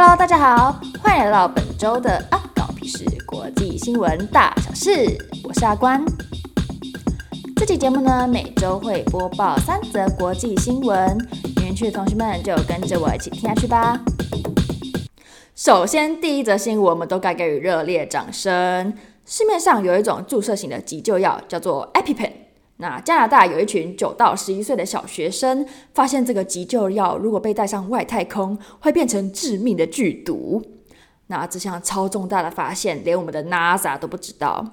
Hello，大家好，歡迎來到本周的阿狗皮事國際新聞大小事。我是阿關。這期節目呢，每周會播報三則國際新聞，園區的同學們就跟着我一起聽下去吧。首先，第一則新聞，我們都該給予熱烈掌聲。市面上有一種注射型的急救藥，叫做 EpiPen。那加拿大有一群九到十一歲的小學生發現，這個急救藥如果被帶上外太空，會變成致命的劇毒。那這項超重大的發現，連我們的 NASA 都不知道。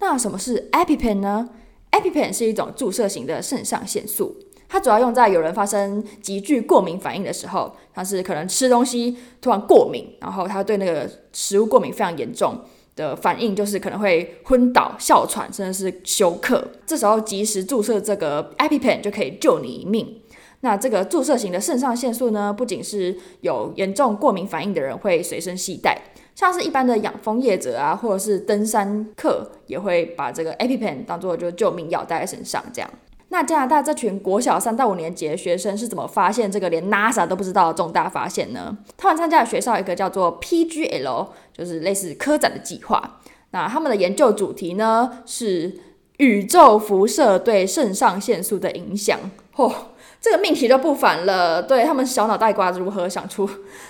那什麼是 EpiPen 呢？EpiPen 是一種注射型的腎上腺素，它主要用在有人發生急劇過敏反應的時候，它是可能吃東西突然過敏，然後它對那個食物過敏非常嚴重。的反應就是可能會昏倒、哮喘，甚至是休克。這時候及時注射這個 EpiPen 就可以救你一命。那這個注射型的腎上腺素呢，不僅是有嚴重過敏反應的人會隨身攜帶，像是一般的養蜂業者啊，或者是登山客，也會把這個 EpiPen 當作就救命藥帶在身上這樣。那加拿大這群國小三到五年級的學生是怎麼發現這個連 NASA 都不知道的重大發現呢？他們參加了學校一個叫做 PGL，就是類似科展的計劃。那他們的研究主題呢，是宇宙輻射對腎上腺素的影響。嚯、oh.！這個命題就不凡了，對他們小腦袋瓜如何想出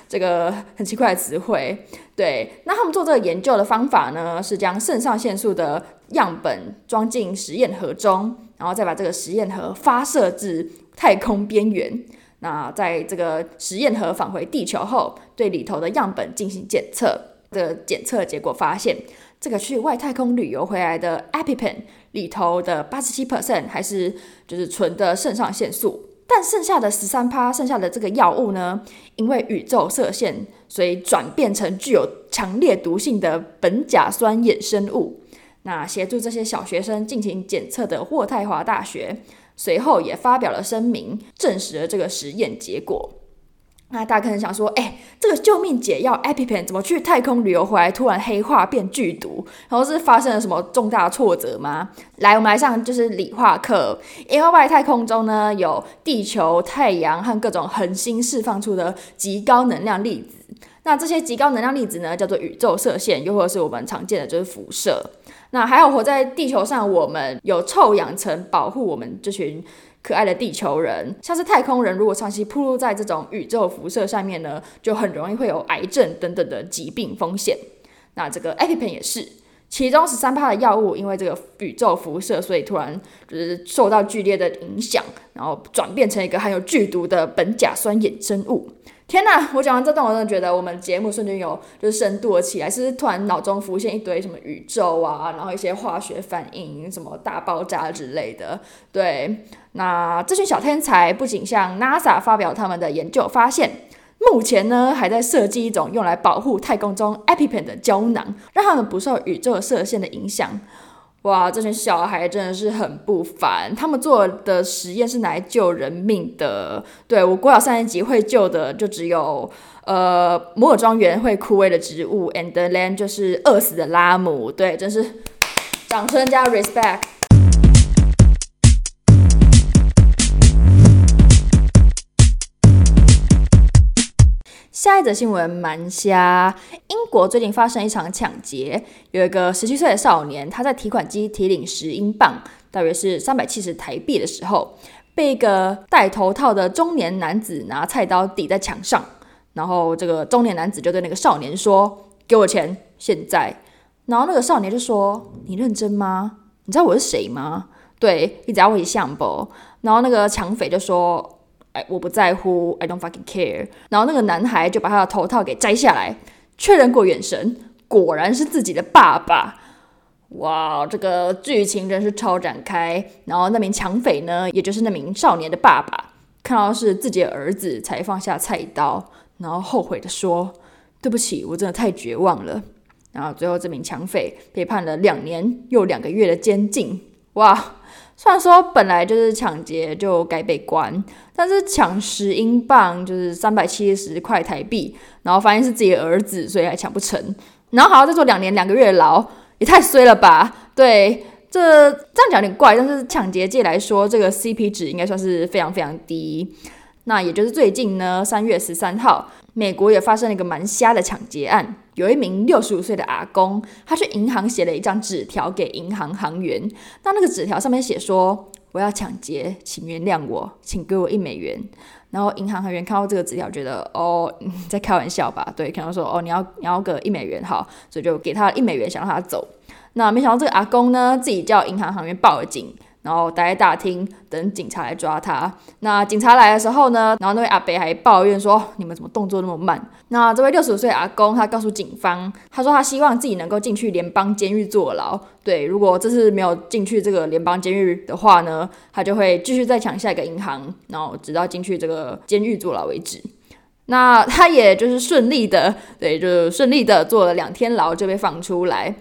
這個很奇怪的詞彙？對，那他們做這個研究的方法呢，是將腎上腺素的樣本裝進實驗盒中，然後再把這個實驗盒發射至太空邊緣。那在這個實驗盒返回地球後，對裡頭的樣本進行檢測。的、這個、檢測結果發現，這個去外太空旅遊回來的 EpiPen 裡頭的八十七 percent 還是就是純的腎上腺素。但剩下的十三趴，剩下的這個藥物呢，因為宇宙射線，所以轉變成具有強烈毒性的苯甲酸衍生物。那協助這些小學生進行檢測的渥太華大學隨後也發表了聲明，證實了這個實驗結果。那大家可能想說，哎、欸，這個救命解藥，EpiPen，怎麼去太空旅遊回來突然黑化變劇毒？然後是發生了什麼重大挫折嗎？來，我們來上就是理化課，因為外太空中呢，有地球、太陽和各種恆星釋放出的極高能量粒子。那這些極高能量粒子呢，叫做宇宙射線，又或者是我們常見的就是輻射。那還有活在地球上，我們有臭氧層保護我們這群可愛的地球人。像是太空人，如果長期暴露在這種宇宙輻射上面呢，就很容易會有癌症等等的疾病風險。那這個 EpiPen 也是，其中13%的藥物，因為這個宇宙輻射，所以突然就是受到劇烈的影響，然後轉變成一個含有劇毒的苯甲酸衍生物。天吶！我講完這段，我真的覺得我們節目瞬間有就是深度了起來，是，是突然腦中浮現一堆什麼宇宙啊，然後一些化學反應、什麼大爆炸之類的。對，那這群小天才不僅向 NASA 發表他們的研究發現，目前呢還在設計一種用來保護太空中 EpiPen 的膠囊，讓他們不受宇宙射線的影響。哇，這群小孩真的是很不凡！他們做的實驗是來救人命的。對，我國小三年級會救的就只有，呃，摩爾莊園會枯萎的植物，and the land 就是餓死的拉姆。對，真是，掌聲加 respect。下一則新聞蠻瞎。英國最近發生一場搶劫，有一個十七歲的少年，他在提款機提領十英鎊，大約是三百七十台幣的時候，被一個戴頭套的中年男子拿菜刀抵在牆上，然後這個中年男子就對那個少年說：“給我錢，現在。”然後那個少年就說：“你認真嗎？你知道我是誰嗎？對，你只要回想不。”然後那個搶匪就說：I, 我不在乎，I don't fucking care。然後那個男孩就把他的頭套給摘下來，確認過眼神，果然是自己的爸爸。哇，這個劇情真是超展開。然後那名搶匪呢，也就是那名少年的爸爸，看到是自己的兒子，才放下菜刀，然後後悔的說：“對不起，我真的太絕望了。”然後最後這名搶匪被判了兩年又兩個月的監禁。哇！雖然說本來就是搶劫就該被關，但是搶十英鎊就是三百七十塊台幣，然後發現是自己的兒子，所以還搶不成，然後還要再坐兩年兩個月牢，也太衰了吧？對，這這樣講有點怪，但是搶劫界來說，這個 CP 值應該算是非常非常低。那也就是最近呢，三月十三號，美國也發生了一個蠻瞎的搶劫案。有一名六十五歲的阿公，他去銀行寫了一張紙條給銀行行員。那那個紙條上面寫說：“我要搶劫，請原諒我，請給我一美元。”然後銀行行員看到這個紙條，覺得哦、嗯，在開玩笑吧？對，可能說哦，你要你要個一美元，好，所以就給他一美元，想讓他走。那沒想到這個阿公呢，自己叫銀行行員報了警。然後待在大廳等警察來抓他。那警察來的時候呢，然後那位阿伯還抱怨說：“你們怎麼動作那麼慢？”那這位六十五歲的阿公他告訴警方，他說他希望自己能夠進去聯邦監獄坐牢。對，如果這次沒有進去這個聯邦監獄的話呢，他就會繼續再搶下一個銀行，然後直到進去這個監獄坐牢為止。那他也就是順利的，對，就是順利的坐了兩天牢就被放出來。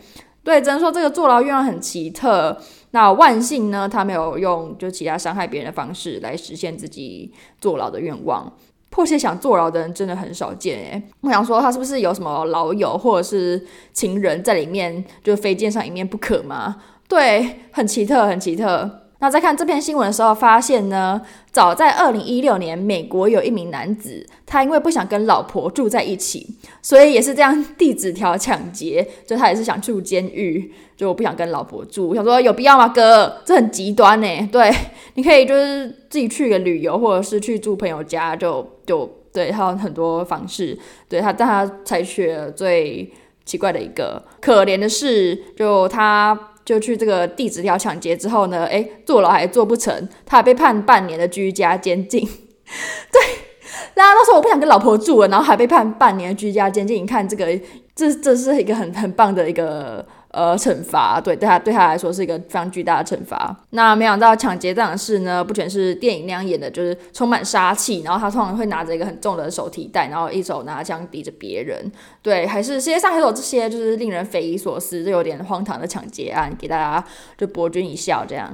對，只能說這個坐牢願望很奇特。那萬幸呢，他沒有用就其他傷害別人的方式來實現自己坐牢的願望。迫切想坐牢的人真的很少見哎、欸。我想說，他是不是有什麼老友或者是情人在裡面，就是非見上一面不可嗎？對，很奇特，很奇特。那再看這篇新聞的時候，發現呢，早在二零一六年，美國有一名男子，他因為不想跟老婆住在一起，所以也是這樣遞紙條搶劫，就他也是想住監獄，就不想跟老婆住，想說有必要嗎？哥，這很極端呢、欸。對，你可以就是自己去個旅遊，或者是去住朋友家，就就對，他有很多方式。對他，但他採取了最奇怪的一個，可憐的是，就他。就去這個遞紙條搶劫之後呢，哎、欸，坐牢還坐不成，他還被判半年的居家監禁。 對，那到時候我不想跟老婆住了，然後還被判半年的居家監禁，你看這個，這這是一個很很棒的一個。呃，懲罰，對對他對他來說是一個非常巨大的懲罰。那沒想到搶劫這樣的事呢，不全是電影那樣演的，就是充滿殺氣，然後他通常會拿着一個很重的手提袋，然後一手拿槍抵着別人，對，還是世界上還有這些就是令人匪夷所思、就有點荒唐的搶劫案，給大家就博君一笑這樣。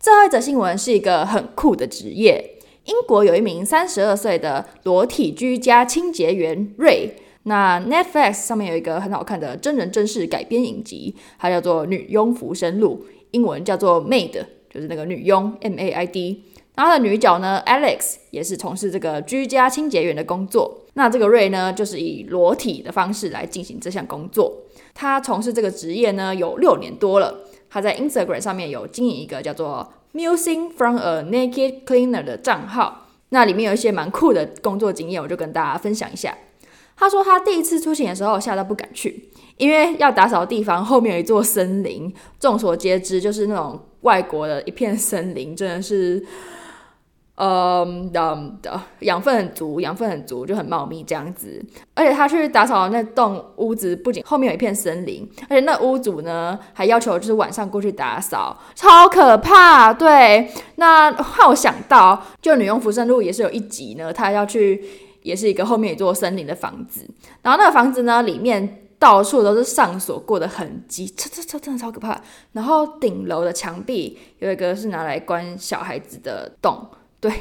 最後一則新聞是一個很酷的職業。英國有一名三十二歲的裸體居家清潔員 Ray。那 Netflix 上面有一個很好看的真人真事改編影集，它叫做《女傭浮生錄》，英文叫做《Maid》，就是那個女傭 M A I D。然後她的女角呢，Alex 也是從事這個居家清潔員的工作。那這個 Ray 呢，就是以裸體的方式來進行這項工作。她從事這個職業呢，有六年多了。他在 Instagram 上面有經營一個叫做 "Musing from a Naked Cleaner" 的賬號，那裡面有一些蠻酷的工作經驗，我就跟大家分享一下。他說他第一次出行的時候嚇到不敢去，因為要打掃的地方後面有一座森林，眾所皆知就是那種外國的一片森林，真的是。嗯的的，養分很足，養分很足，就很茂密這樣子。而且他去打掃那棟屋子，不僅後面有一片森林，而且那屋主呢還要求就是晚上過去打掃，超可怕。對，那害我想到，就女傭浮生錄也是有一集呢，他要去也是一個後面有座森林的房子，然後那個房子呢裡面到處都是上鎖過的痕跡，這這這真的超可怕。然後頂樓的牆壁有一個是拿來關小孩子的洞。對，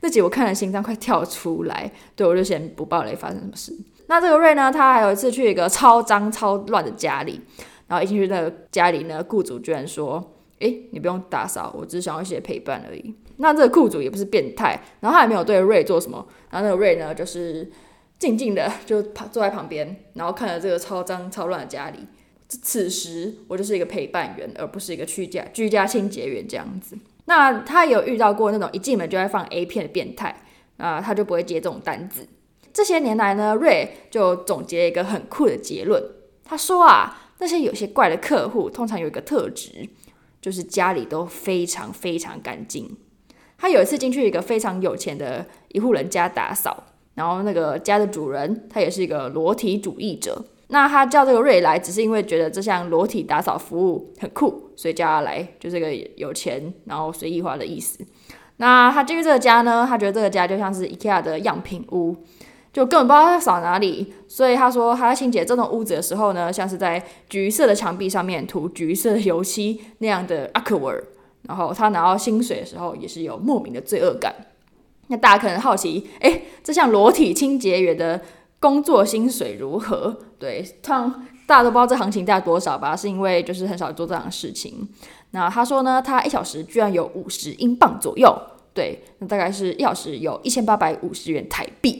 那集我看了心臟快跳出來，對我就先不暴雷發生什麼事。那這個瑞呢，他還有一次去一個超髒超亂的家裡，然後一進去那個家裡呢，雇主居然說：“哎，你不用打掃，我只是想要一些陪伴而已。”那這個雇主也不是變態，然後他也沒有對瑞做什麼。然後那個瑞呢，就是靜靜的就坐坐在旁邊，然後看著這個超髒超亂的家裡。此時我就是一個陪伴員，而不是一個居家居家清潔員這樣子。那他有遇到過那種一進門就在放 A 片的變態啊，那他就不會接這種單子。這些年來呢，瑞就總結了一個很酷的結論。他說啊，那些有些怪的客戶通常有一個特質，就是家裡都非常非常乾淨。他有一次進去一個非常有錢的一戶人家打掃，然後那個家的主人他也是一個裸體主義者。那他叫這個瑞來，只是因為覺得這項裸體打掃服務很酷。所以叫他來就這個有錢，然後隨意花的意思。那他進入這個家呢，他覺得這個家就像是 IKEA 的樣品屋，就根本不知道他要掃哪裡。所以他說，他在清潔這棟屋子的時候呢，像是在橘色的牆壁上面塗橘色油漆那樣的 awkward。然後他拿到薪水的時候，也是有莫名的罪惡感。那大家可能好奇，誒、欸，這項裸體清潔員的工作薪水如何？對，通常大家都不知道這行情大概多少吧，是因為就是很少做這樣的事情。那他說呢，他一小時居然有五十英鎊左右，對，那大概是一小時有一千八百五十元台幣。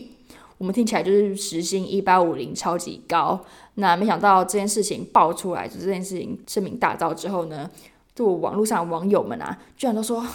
我們聽起來就是時薪一八五零，超級高。那沒想到這件事情爆出來，就這件事情聲名大噪之後呢，就網絡上網友們啊，居然都說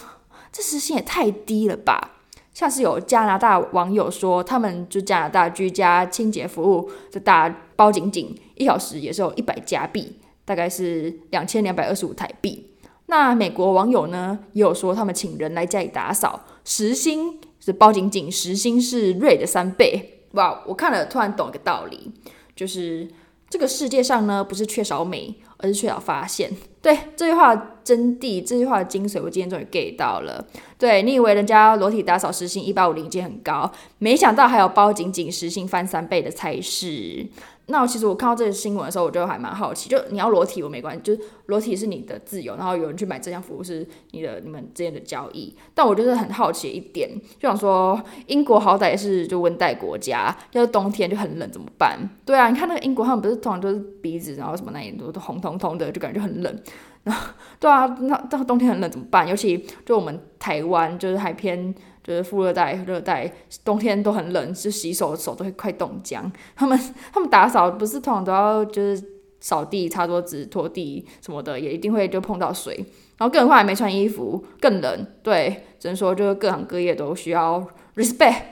這時薪也太低了吧。像是有加拿大網友說，他們就加拿大居家清潔服務，就打包緊緊一小時也是有一百加幣，大概是兩千兩百二十五台幣。那美國網友呢，也有說他們請人來家裡打掃，時薪、就是包緊緊時薪是瑞的三倍。哇、wow，我看了突然懂一個道理，就是這個世界上呢，不是缺少美，而是缺少發現。對，這句話的真諦，這句話的精髓，我今天終於 get 到了。對，你以為人家裸體打掃時薪一八五零已經很高，沒想到還有包緊緊時薪翻三倍的差事。那我其實我看到這個新聞的時候，我就還蠻好奇，就你要裸體我沒關係，就是裸體是你的自由，然後有人去買這項服務是你的你們之間的交易。但我就是很好奇一點，就想說，英國好歹也是就溫帶國家，要、就是冬天就很冷怎麼辦？對啊，你看那個英國，他們不是通常就是鼻子然後什麼那裡都紅彤彤的，就感覺就很冷。然 後對啊，那到冬天很冷怎麼辦？尤其就我們台灣就是還偏。就是副熱帶、熱帶，冬天都很冷，就洗手的手都會快凍僵。他們、他們打掃不是通常都要就是掃地、擦桌子、拖地什麼的，也一定會就碰到水，然後更何況，沒穿衣服，更冷。對，只能說就是各行各業都需要 respect，respect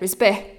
respect。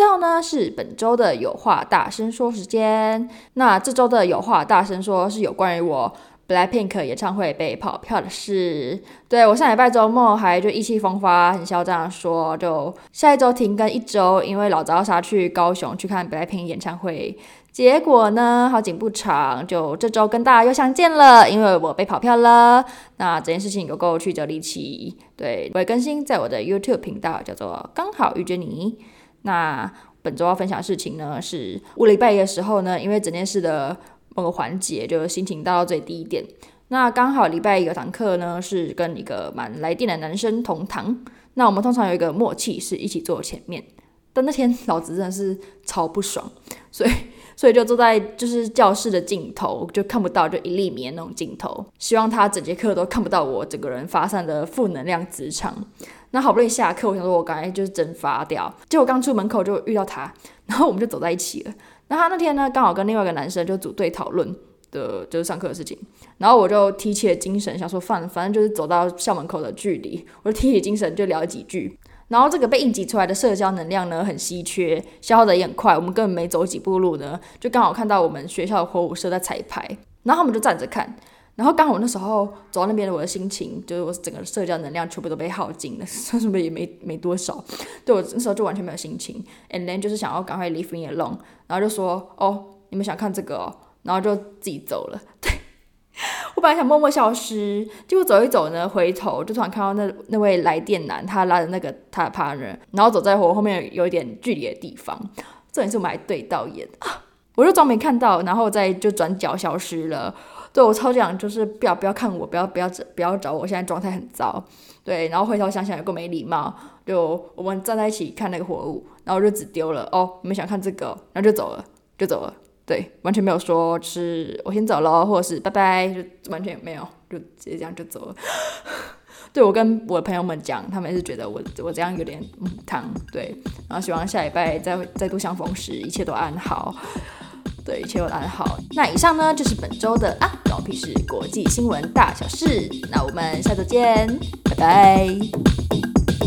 最後呢，是本周的有話大聲說時間。那這周的有話大聲說是有關於我 Black Pink 演唱會被跑票的事。對，我上禮拜周末還就意氣風發、很囂張地說，就下一周停更一周，因為老子要殺去高雄去看 Black Pink 演唱會。結果呢，好景不長，就這周跟大家又相見了，因為我被跑票了。那這件事情有夠曲折離奇，對，我會更新在我的 YouTube 頻道，叫做剛好遇見你。那本周要分享的事情呢，是我禮拜一的時候呢，因為整件事的某個環節，就心情到了最低點。那剛好禮拜一有堂課呢，是跟一個蠻來電的男生同堂。那我們通常有一個默契，是一起坐前面。但那天老子真的是超不爽，所以所以就坐在就是教室的盡頭，就看不到，就一厘米的那種鏡頭。希望他整節課都看不到我整個人發散的負能量磁場。那好不容易下課，我想說我趕快就是蒸發掉，結果剛出門口就遇到他，然後我們就走在一起了。那他那天呢，剛好跟另外一個男生就組隊討論的，就是上課的事情。然後我就提起了精神，想說反反正就是走到校門口的距離，我就提起精神就聊了幾句。然後這個被應急出來的社交能量呢，很稀缺，消耗的也很快。我們根本沒走幾步路呢，就剛好看到我們學校的火舞社在彩排，然後我們就站着看。然後剛好那時候走到那邊的，我的心情就是我整個社交能量全部都被耗盡了，甚至也沒也沒多少。對我那時候就完全沒有心情，and then 就是想要趕快 leave me alone，然後就說哦，你們想看這個，哦，然後就自己走了。對，我本來想默默消失，結果走一走呢，回頭就突然看到那那位來電男，他拉着那個他的 partner，然後走在我後面有一點距離的地方，重點是我們還對到眼，啊，我就裝沒看到，然後再就轉角消失了。對我超講，就是不要不要看我，不要不要找不要找我，我現在狀態很糟。對，然後回頭想想，有夠沒禮貌，就我們站在一起看那個火舞，然後日子丟了哦，你們想看這個，然後就走了，就走了。對，完全沒有說是，我先走了，或者是拜拜，就完全沒有，就直接這樣就走了。 對我跟我的朋友們講，他們也是覺得我我這樣有點嗯，唐。對，然後希望下禮拜再再度相逢時，一切都安好。對，一切大家好。那以上呢，就是本周的啊搞屁事國際新聞大小事。那我們下周見，拜拜。